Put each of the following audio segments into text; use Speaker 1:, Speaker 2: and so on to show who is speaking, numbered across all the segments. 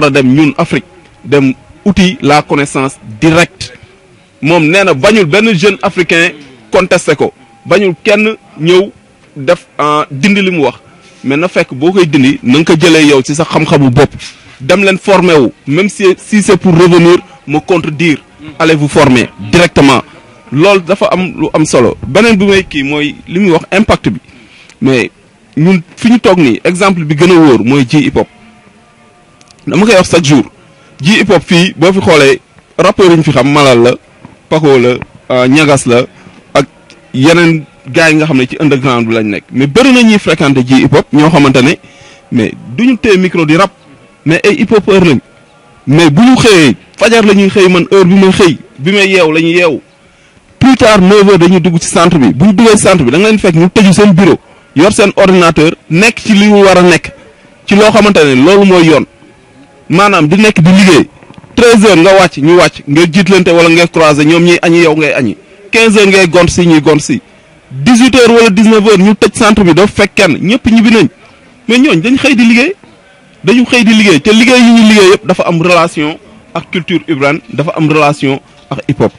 Speaker 1: war dem ñun Afrique dem outil la connaissance directe mom nee bañul ben jeune africain contesté ko bañul kenn ñew def ah, dindi limu wax mais na fekk que beaucoup dindi nang que ko jëlee yow ci sa xam-xamu ou dem formé wu même si si c'est pour revenir me contredire allez vous former directement lol dafa am lu am solo benen bu may ki moy limu wax impact bi mais ñun fiñu tok ni exemple bi gëna woor moy hip hop dama koy wax chaque jour ji hip fii boo fi xoolee rappeurs yi fi xam Malal la Paco la euh, ñagas la ak yeneen gars yi nga xam ne ci underground bi lañ nekk mais bëri na ñuy fréquenté jii hip ñoo xamante ne mais du ñu téye micro di rap mais ay hip hopeur lañ mais bu ñu xëyee fajar la ñuy xëy man heure bi may xëy bi may yeew la ñuy yeew plus tard 9 dañuy dugg ci centre bi bu ñu duggee centre bi da nga leen fekk ñu tëju seen bureau yor seen ordinateur nekk ci li ñu war a nekk ci loo xamante ne loolu mooy yoon. maanaam di nekk di liggéey 13 heures nga wàcc ñu wàcc nga jiitlante wala ngay croiser ñoom ñuy añi yow ngay añi 15 heures ngay gont si ñuy gont si 18 heures wala 19 heures ñu tëj centre bi dafa fekk kenn ñëpp ñibbi nañ mais ñooñ dañ xëy di liggéey dañu xëy di liggéey te liggéey yi ñuy liggéey yëpp dafa am relation ak culture urbaine dafa am relation ak hip hop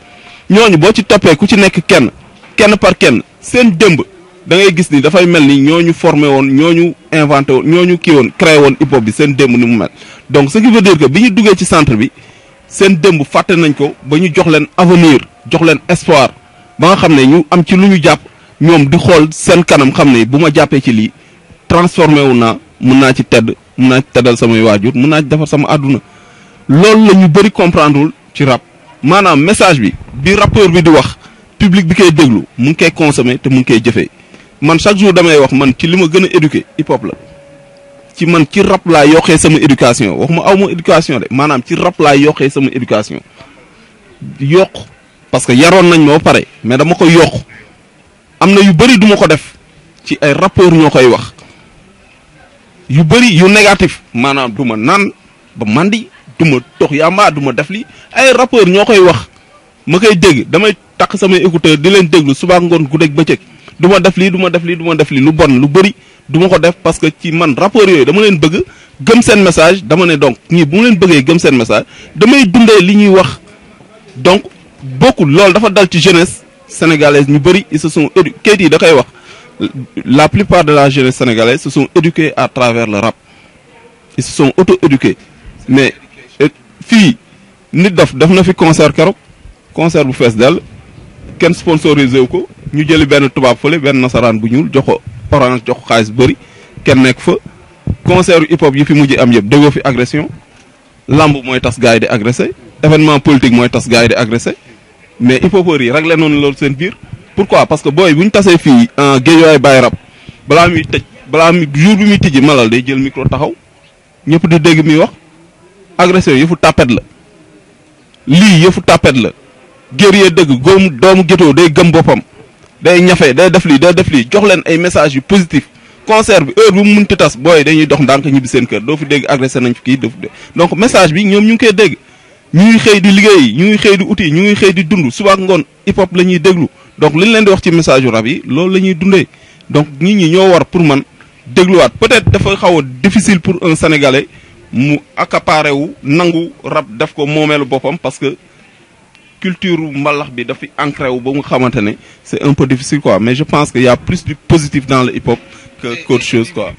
Speaker 1: ñooñu boo ci toppee ku ci nekk kenn kenn par kenn seen dëmb da ngay gis ni dafay mel ni ñooñu formé woon ñooñu inventé woon ñooñu kii woon créé woon hip hop seen démb ni mu mel donc ce qui veut dire bi ñu duggee ci centre bi seen démb fàtte nañ ko ba ñu jox leen avenir jox leen espoir ba nga xam ne ñu am ci lu ñu jàpp ñoom di xool seen kanam xam ne bu ma jàppee ci lii transformé wu naa mën naa ci tedd mun naa teddal samay waajur mun naa ci defar sama àdduna loolu la ñu bëri comprendrewul ci rap maanaam message bi bi rappeur bi di wax public bi koy déglu mu ngi koy consommé te mu ngi koy jëfee man chaque jour damay wax man ci li ma gën a éduqué hip la. ci man ci rab laa yokkee sama éducation waxuma aw ma éducation de maanaam ci rab laa yokkee sama éducation yokk parce que yaroon nañ ma pare mais dama ko yokk am na yu bëri duma ko def ci ay rapport ñoo koy wax yu bëri yu négatif maanaam du ma naan ba mandi du ma tox yamba du ma def li ay rapport ñoo koy wax ma koy dégg damay takk samay écouteur di leen déglu suba ngoon gu guddeeg bëccëg duma def li duma def li duma def li lu bon lu bëri duma ko def parce que ci man rapport yooyu dama leen bëgg gëm seen message dama ne donc ñii bu ma leen bëggee gëm seen message damay dundee li ñuy wax donc bokkul loolu dafa dal ci jeunesse sénégalaise ñu bëri ils se sont éduqués yi da koy wax la plupart de la jeunesse sénégalaise se sont éduqués à travers le rap ils se sont auto-éduqués mais euh, fii nit daf def na fi concert keroog concert bu fees dal kenn sponsorisé wu ko ñu jëli benn tubaab fële benn nasaraan bu ñuul joxo ko jox ko xaalis bëri kenn nekk fa concert hip hop yi fi mujj am yëpp déggoo fi agression lamb mooy tas gars yi di agressé événement politique mooy tas gars yi di agressé mais hip hopeurs yi réglé noonu loolu seen biir. pourquoi parce que booy bu ñu tasee fii Guédiawaye Baye rab balaa muy tëj balaa muy jour bi muy tijji malal day jël micro taxaw ñëpp di dégg muy wax agression yëfu tàppet la lii yëfu tàppet la guerrier dëgg góomu doomu gétoo day gëm boppam. day ñafe day def lii day def lii joxleen ay message yu positif concert bi heure bu mu munti tas booy dañuy dox ndànk ñibbi seen kër doo fi dégg agressé nañ fi kii doo fi donc message bi ñoom ñu ngi koy dégg ñu ngi xëy di liggéey ñu ngi xëy di uti ñu ngi xëy di dund suba ngoon hip lañuy la ñuy déglu donc li ñu leen di wax ci message yu rab yi loolu lañuy dundee donc nit ñi ñoo war pour man dégluwaat peut-être dafa xaw diffisil pour un sénégalais mu accaparé wu nangu rab def ko moomeelu boppam parce que culture ou bi dafa ancré wu ba nga xamante c'est un peu difficile quoi mais je pense qu'il y a plus du positif dans le hip hop que qu'autre chose quoi